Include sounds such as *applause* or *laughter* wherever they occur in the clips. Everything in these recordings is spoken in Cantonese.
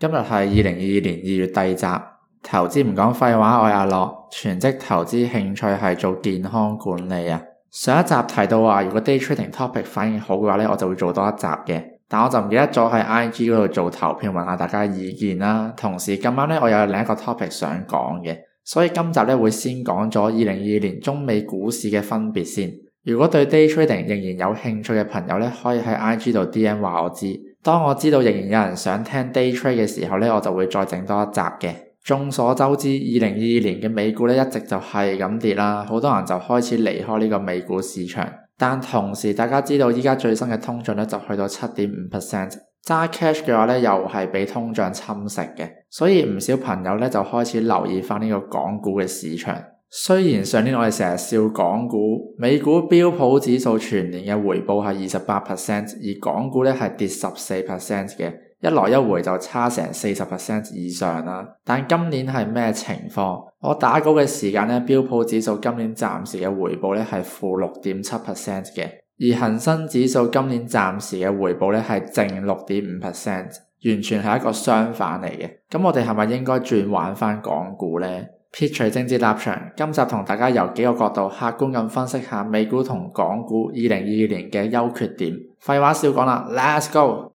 今日係二零二二年二月第二集，投資唔講廢話，我係阿樂，全職投資興趣係做健康管理啊。上一集提到話，如果 day trading topic 反應好嘅話咧，我就會做多一集嘅。但我就唔記得咗喺 IG 嗰度做投票問下大家意見啦。同時今晚咧，我又有另一個 topic 想講嘅，所以今集咧會先講咗二零二二年中美股市嘅分別先。如果對 day trading 仍然有興趣嘅朋友咧，可以喺 IG 度 DM 話我知。當我知道仍然有人想聽 day trade 嘅時候呢，我就會再整多一集嘅。眾所周知，二零二二年嘅美股呢，一直就係咁跌啦，好多人就開始離開呢個美股市場。但同時，大家知道依家最新嘅通脹呢，就去到七點五 percent，揸 cash 嘅話呢，又係被通脹侵蝕嘅，所以唔少朋友呢，就開始留意翻呢個港股嘅市場。雖然上年我哋成日笑港股，美股標普指數，全年嘅回報係二十八 percent，而港股咧，係跌十四 percent 嘅，一來一回就差成四十 percent 以上啦。但今年係咩情況？我打稿嘅時間咧，標普指數今年暫時嘅回報咧係負六點七 percent 嘅，而恒生指數今年暫時嘅回報咧係正六點五 percent，完全係一個相反嚟嘅。咁我哋係咪應該轉玩翻港股咧？撇除政治立場，今集同大家由幾個角度客觀咁分析下美股同港股二零二二年嘅優缺點。廢話少講啦，Let's go！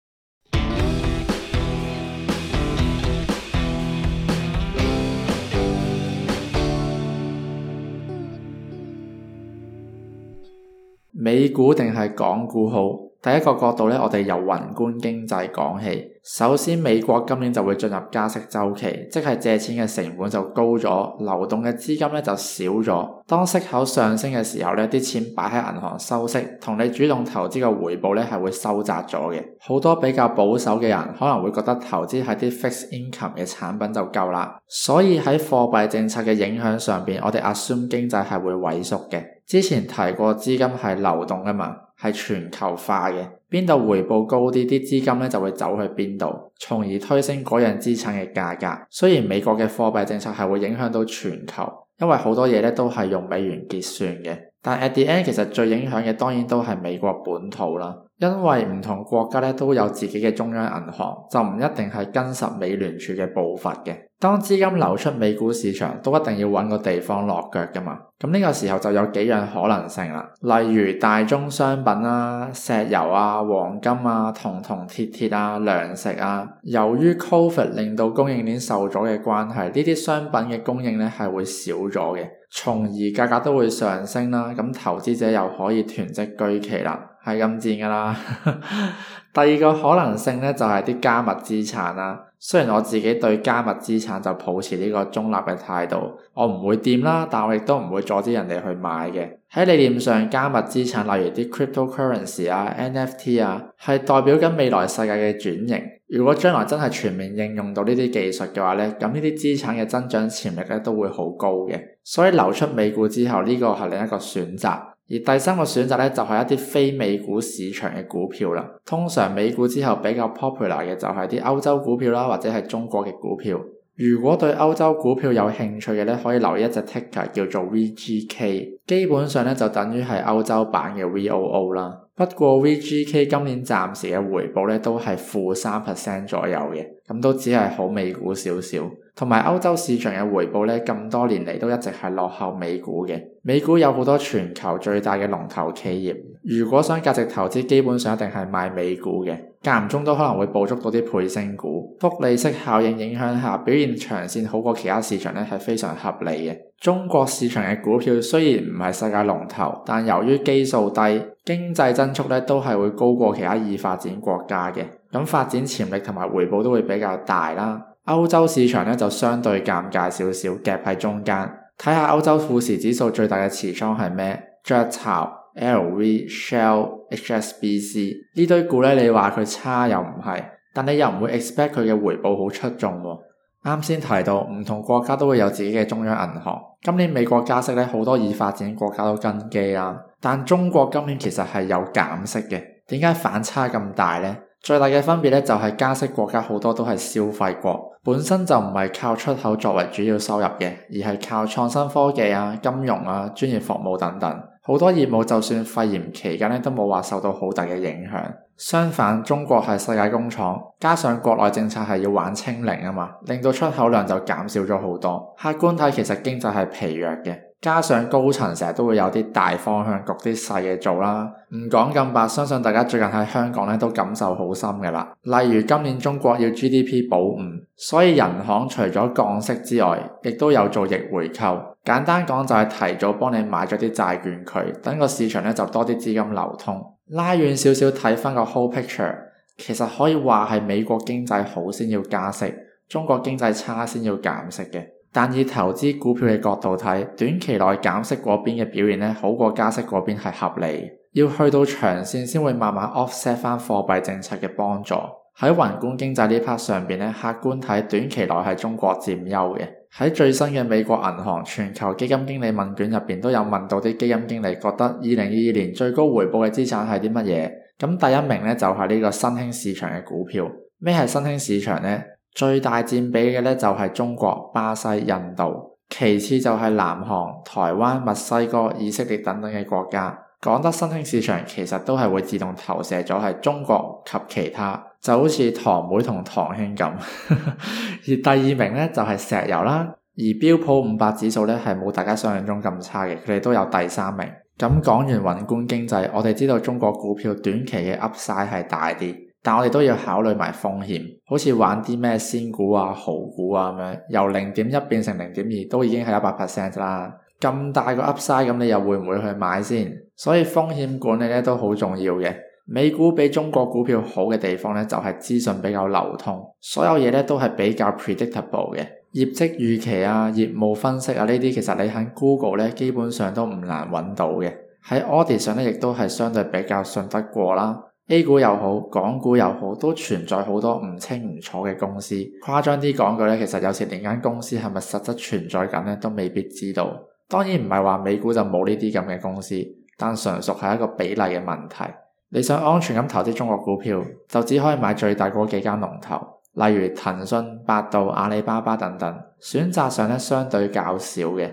美股定係港股好？第一個角度咧，我哋由宏觀經濟講起。首先，美國今年就會進入加息周期，即係借錢嘅成本就高咗，流動嘅資金咧就少咗。當息口上升嘅時候咧，啲錢擺喺銀行收息，同你主動投資嘅回報咧係會收窄咗嘅。好多比較保守嘅人可能會覺得投資喺啲 fixed income 嘅產品就夠啦。所以喺貨幣政策嘅影響上邊，我哋 assume 經濟係會萎縮嘅。之前提過資金係流動啊嘛。係全球化嘅，邊度回報高啲，啲資金咧就會走去邊度，從而推升嗰樣資產嘅價格。雖然美國嘅貨幣政策係會影響到全球，因為好多嘢咧都係用美元結算嘅，但 at the end 其實最影響嘅當然都係美國本土啦，因為唔同國家咧都有自己嘅中央銀行，就唔一定係跟實美聯儲嘅步伐嘅。當資金流出美股市場，都一定要搵個地方落腳噶嘛。咁呢個時候就有幾樣可能性啦，例如大宗商品啦、啊、石油啊、黃金啊、銅銅鐵鐵啊、糧食啊。由於 Covid 令到供應鏈受阻嘅關係，呢啲商品嘅供應呢係會少咗嘅，從而價格都會上升啦。咁投資者又可以囤積居奇啦，係咁自然噶啦。 *laughs* 第二個可能性呢，就係、是、啲加密資產啦。雖然我自己對加密資產就抱持呢個中立嘅態度，我唔會掂啦，但我亦都唔會阻止人哋去買嘅。喺理念上，加密資產例如啲 cryptocurrency 啊、NFT 啊，係代表緊未來世界嘅轉型。如果將來真係全面應用到呢啲技術嘅話咧，咁呢啲資產嘅增長潛力咧都會好高嘅。所以流出美股之後，呢個係另一個選擇。而第三個選擇咧，就係一啲非美股市場嘅股票啦。通常美股之後比較 popular 嘅就係啲歐洲股票啦，或者係中國嘅股票。如果對歐洲股票有興趣嘅咧，可以留意一隻 ticker 叫做 VGK。基本上咧就等於係歐洲版嘅 VOO 啦。不過 VGK 今年暫時嘅回報咧都係負三 percent 左右嘅，咁都只係好美股少少。同埋歐洲市場嘅回報咧，咁多年嚟都一直係落後美股嘅。美股有好多全球最大嘅龍頭企業，如果想價值投資，基本上一定係買美股嘅。間唔中都可能會捕捉到啲倍升股，複利式效應影響下，表現長線好過其他市場咧，係非常合理嘅。中國市場嘅股票雖然唔係世界龍頭，但由於基數低，經濟增速咧都係會高過其他已發展國家嘅。咁發展潛力同埋回報都會比較大啦。歐洲市場咧就相對尷尬少少夾喺中間。睇下歐洲富時指數最大嘅持倉係咩？雀巢、LV、Shell、HSBC 呢堆股咧，你話佢差又唔係，但你又唔會 expect 佢嘅回報好出眾，哦。啱先提到唔同國家都會有自己嘅中央銀行，今年美國加息咧，好多已發展國家都跟機啦，但中國今年其實係有減息嘅，點解反差咁大呢？最大嘅分別咧，就係加息國家好多都係消費國，本身就唔係靠出口作為主要收入嘅，而係靠創新科技啊、金融啊、專業服務等等，好多業務就算肺炎期間咧都冇話受到好大嘅影響。相反，中國係世界工廠，加上國內政策係要玩清零吖嘛，令到出口量就減少咗好多。客觀睇，其實經濟係疲弱嘅。加上高層成日都會有啲大方向，焗啲細嘢做啦。唔講咁白，相信大家最近喺香港咧都感受好深㗎啦。例如今年中國要 GDP 保五，所以人行除咗降息之外，亦都有做逆回購。簡單講就係提早幫你買咗啲債券佢，等個市場咧就多啲資金流通。拉遠少少睇翻個 whole picture，其實可以話係美國經濟好先要加息，中國經濟差先要減息嘅。但以投資股票嘅角度睇，短期內減息嗰邊嘅表現咧，好過加息嗰邊係合理。要去到長線先會慢慢 offset 返貨幣政策嘅幫助。喺宏觀經濟呢 part 上邊咧，客觀睇短期內係中國佔優嘅。喺最新嘅美國銀行全球基金經理問卷入邊，都有問到啲基金經理覺得二零二二年最高回報嘅資產係啲乜嘢？咁第一名咧就係、是、呢個新興市場嘅股票。咩係新興市場呢？最大佔比嘅，呢，就係中國、巴西、印度，其次就係南韓、台灣、墨西哥、以色列等等嘅國家。講得新興市場，其實都係會自動投射咗喺中國及其他，就好似堂妹同堂兄咁。 *laughs* 而第二名呢，就係、是、石油啦，而標普五百指數呢係冇大家想象中咁差嘅，佢哋都有第三名。咁講完宏觀經濟，我哋知道中國股票短期嘅 Upside 係大啲。但我哋都要考慮埋風險，好似玩啲咩仙股啊、豪股啊咁樣，由零點一變成零點二，都已經係一百 percent 啦。咁大個 Upside，咁你又會唔會去買先？所以風險管理咧都好重要嘅。美股比中國股票好嘅地方呢，就係資訊比較流通，所有嘢咧都係比較 predictable 嘅。業績預期啊、業務分析啊呢啲，其實你喺 Google 基本上都唔難揾到嘅。喺 Audit 上咧，亦都係相對比較信得過啦。A 股又好，港股又好，都存在好多唔清唔楚嘅公司。誇張啲講句咧，其實有時連間公司係咪實質存在緊咧，都未必知道。當然唔係話美股就冇呢啲咁嘅公司，但純屬係一個比例嘅問題。你想安全咁投資中國股票，就只可以買最大嗰幾間龍頭，例如騰訊、百度、阿里巴巴等等，選擇上咧相對較少嘅。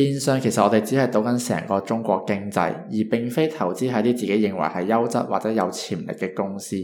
變相其實我哋只係賭緊成個中國經濟，而並非投資喺啲自己認為係優質或者有潛力嘅公司，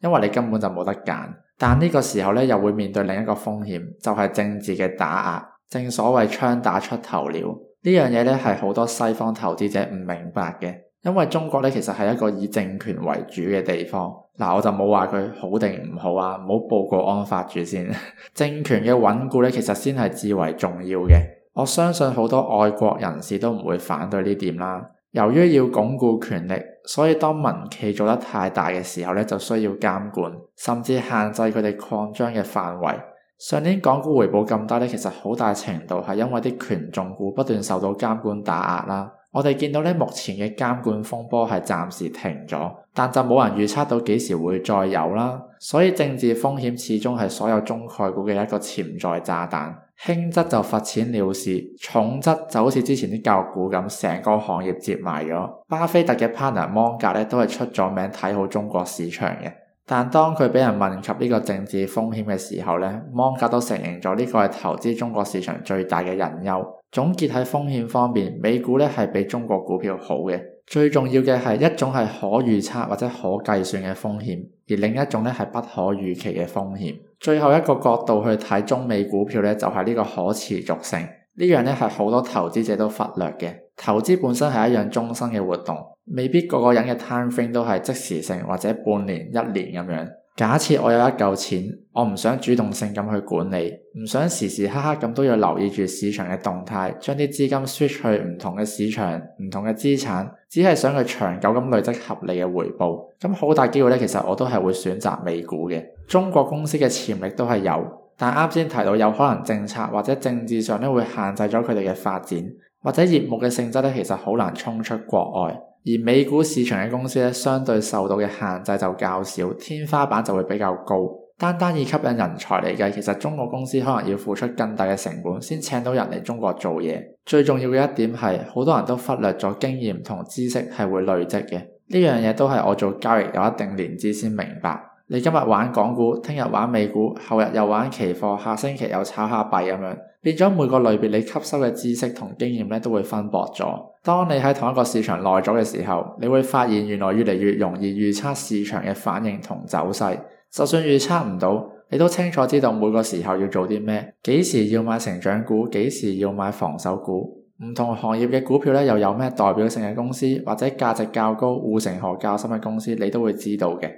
因為你根本就冇得揀。但呢個時候咧，又會面對另一個風險，就係政治嘅打壓。正所謂槍打出頭鳥，呢樣嘢咧係好多西方投資者唔明白嘅，因為中國咧其實係一個以政權為主嘅地方。嗱，我就冇話佢好定唔好啊，冇報國安法住先。 *laughs* 政權嘅穩固咧，其實先係至為重要嘅。我相信好多愛國人士都唔會反對呢點啦。由於要鞏固權力，所以當民企做得太大嘅時候咧，就需要監管，甚至限制佢哋擴張嘅範圍。上年港股回報咁低咧，其實好大程度係因為啲權重股不斷受到監管打壓啦。我哋見到咧，目前嘅監管風波係暫時停咗，但就冇人預測到幾時會再有啦。所以政治風險始終係所有中概股嘅一個潛在炸彈。輕則就罰錢了事，重則就好似之前啲教育股咁，成個行業接埋咗。巴菲特嘅 partner 芒格咧都係出咗名睇好中國市場嘅，但當佢俾人問及呢個政治風險嘅時候咧，芒格都承認咗呢個係投資中國市場最大嘅隱憂。總結喺風險方面，美股咧係比中國股票好嘅。最重要嘅係一種係可預測或者可計算嘅風險，而另一種呢係不可預期嘅風險。最後一個角度去睇中美股票呢，就係呢個可持續性。呢樣呢係好多投資者都忽略嘅。投資本身係一樣終身嘅活動，未必個個人嘅 timing 都係即時性，或者半年一年咁樣。假設我有一嚿錢，我唔想主動性咁去管理，唔想時時刻刻咁都要留意住市場嘅動態，將啲資金 switch 去唔同嘅市場、唔同嘅資產，只係想佢長久咁累積合理嘅回報。咁好大機會咧，其實我都係會選擇美股嘅。中國公司嘅潛力都係有，但係啱先提到有可能政策或者政治上咧會限制咗佢哋嘅發展，或者業務嘅性質咧其實好難衝出國外。而美股市場嘅公司咧，相對受到嘅限制就較少，天花板就會比較高。單單以吸引人才嚟計，其實中國公司可能要付出更大嘅成本，先請到人嚟中國做嘢。最重要嘅一點係，好多人都忽略咗經驗同知識係會累積嘅，呢樣嘢都係我做交易有一定年資先明白。你今日玩港股，聽日玩美股，後日又玩期貨，下星期又炒下幣咁樣，變咗每個類別你吸收嘅知識同經驗咧都會分薄咗。當你喺同一個市場耐咗嘅時候，你會發現原來越嚟越容易預測市場嘅反應同走勢。就算預測唔到，你都清楚知道每個時候要做啲咩，幾時要買成長股，幾時要買防守股，唔同行業嘅股票咧又有咩代表性嘅公司或者價值較高、護城河較深嘅公司，你都會知道嘅。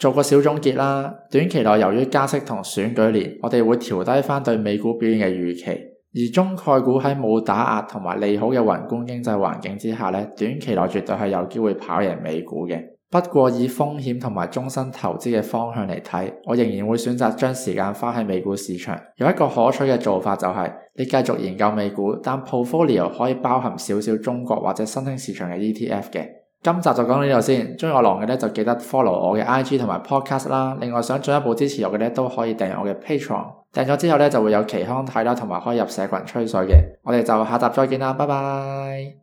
做個小總結啦，短期內由於加息同選舉年，我哋會調低返對美股表現嘅預期。而中概股喺冇打壓同埋利好嘅宏觀經濟環境之下呢，短期內絕對係有機會跑贏美股嘅。不過以風險同埋終身投資嘅方向嚟睇，我仍然會選擇將時間花喺美股市場。有一個可取嘅做法就係，你繼續研究美股，但 portfolio 可以包含少少中國或者新興市場嘅 ETF 嘅。今集就講到呢度先，鍾意我郎嘅咧就記得 follow 我嘅 IG 同埋 podcast 啦。另外想進一步支持我嘅咧都可以訂閱我嘅 Patreon，訂咗之後咧就會有期刊睇啦，同埋可以入社群吹水嘅。我哋就下集再見啦，拜拜。